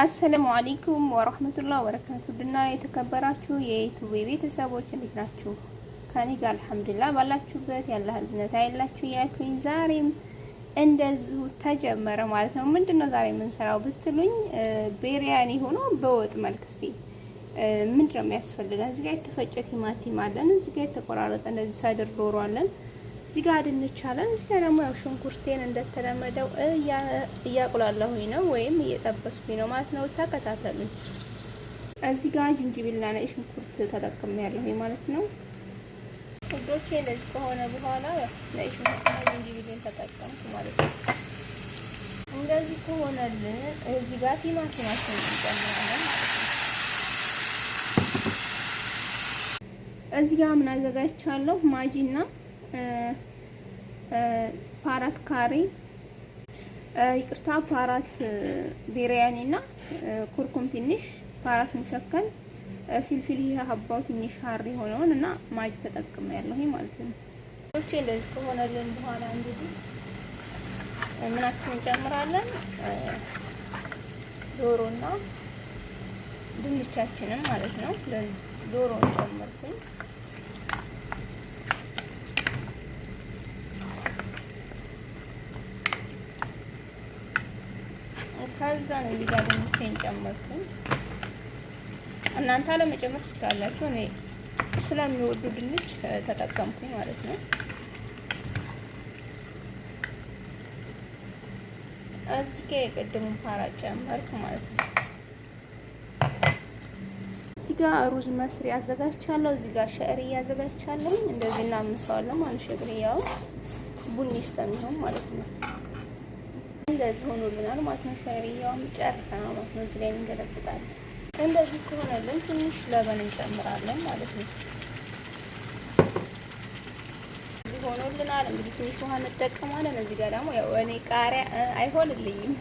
አሰላሙ አለይኩም ወራህመቱላሂ ወበረካቱ ድና የተከበራችሁ የዩቲዩብ ቤተሰቦች እንዴት ናችሁ? ከኔ ጋር አልሐምዱሊላህ ባላችሁበት ያለ ህዝነት አይላችሁ ያልኩኝ ዛሬም እንደዚሁ ተጀመረ ማለት ነው። ምንድነው ዛሬ የምንሰራው ብትሉኝ ቤሪያኒ ሆኖ በወጥ መልክ እስቲ ምንድነው የሚያስፈልገን? እዚህ ጋር የተፈጨ ቲማቲም አለን። እዚህ ጋር የተቆራረጠ እንደዚህ ሳድር ዶሮ አለን። እዚህ ጋር ድንች አለን። እዚህ ጋር ደግሞ ያው ሽንኩርቴን እንደተለመደው እያቁላለሁኝ ነው ወይም እየጠበስኩኝ ነው ማለት ነው። ተከታተሉኝ። እዚህ ጋር ጅንጅብላ ነጭ ሽንኩርት ተጠቅሜያለሁኝ ማለት ነው ውዶቼ። እንደዚህ ከሆነ በኋላ ነጭ ሽንኩርትና ጅንጅብልን ተጠቀምኩ ማለት ነው። እንደዚህ ከሆነልን እዚህ ጋር ቲማቲማችን እንጨምራለን ማለት እዚህ ጋር ምን አዘጋጅቻለሁ ማጂና ፓራት ካሪ ይቅርታ፣ ፓራት ቢሪያኒ እና ኩርኩም ትንሽ ፓራት ሙሸከል ፊልፊል ይሄ ሀባው ትንሽ ሀሪ ሆነውን እና ማጅ ተጠቅመ ያለው ይሄ ማለት ነው። እቺ እንደዚህ ከሆነልን በኋላ እንግዲህ ምናችን እንጨምራለን? ዶሮና ድንቻችንም ማለት ነው። ዶሮ እንጨምርኩኝ ከዛ ነው እዚህ ጋር ጨመርኩኝ። እናንተ አለመጨመር ትችላላችሁ። እኔ ስለሚወዱ ድንች ተጠቀምኩኝ ማለት ነው። እዚህ ፓራ ጨመርኩ ማለት ነው። እዚህ ሩዝ መስሪ አዘጋጅቻለሁ። እዚህ አዘጋጅቻለሁ። እንደዚህ እናምሰዋለን ማለት ቡኒ ስተሚሆን ማለት ነው። እንደዚህ ሆኖልናል ማለት ነው። ሸሪያውም ጨርሰናል ማለት ነው። እዚህ ላይ እንገለብጣለን። እንደዚህ ከሆነልን ትንሽ ለበን እንጨምራለን ማለት ነው። እዚህ ሆኖልናል። እንግዲህ ትንሽ ውሃ እንጠቀማለን። እዚህ ጋር ደግሞ ያው እኔ ቃሪያ አይሆንልኝም።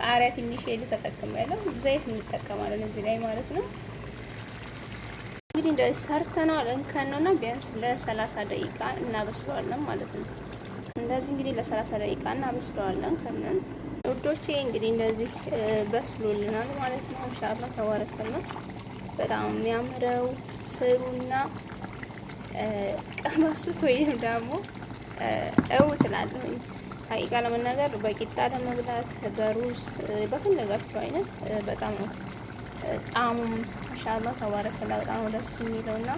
ቃሪያ ትንሽ የለ ተጠቅሜያለሁ። ዘይት እንጠቀማለን እዚህ ላይ ማለት ነው። እንግዲህ እንደዚህ ሰርተናል። እንከነውና ቢያንስ ለሰላሳ ደቂቃ እናበስለዋለን ማለት ነው። እንደዚህ እንግዲህ ለሰላሳ ደቂቃ እናበስለዋለን። ከምን ውዶቼ እንግዲህ እንደዚህ በስሎልናል ማለት ነው። ኢንሻአላህ ነው በጣም የሚያምረው ስሩና ቀመሱት ወይም ደግሞ እው ትላለሁኝ። ሀቂቃ ለመናገር በቂጣ ለመብላት በሩዝ በፈለጋችሁ አይነት በጣም ነው ጣሙም ኢንሻአላህ ተባረከላ በጣም ደስ የሚለው የሚለውና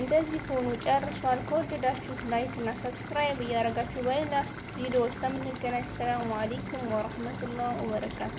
እንደዚህ ሆኖ ጨርሷል። ከወደዳችሁት ላይክ እና ሰብስክራይብ እያደረጋችሁ በሌላ ቪዲዮ እስከምንገናኝ ሰላሙ አለይኩም ወረህመቱላህ ወበረካቱ።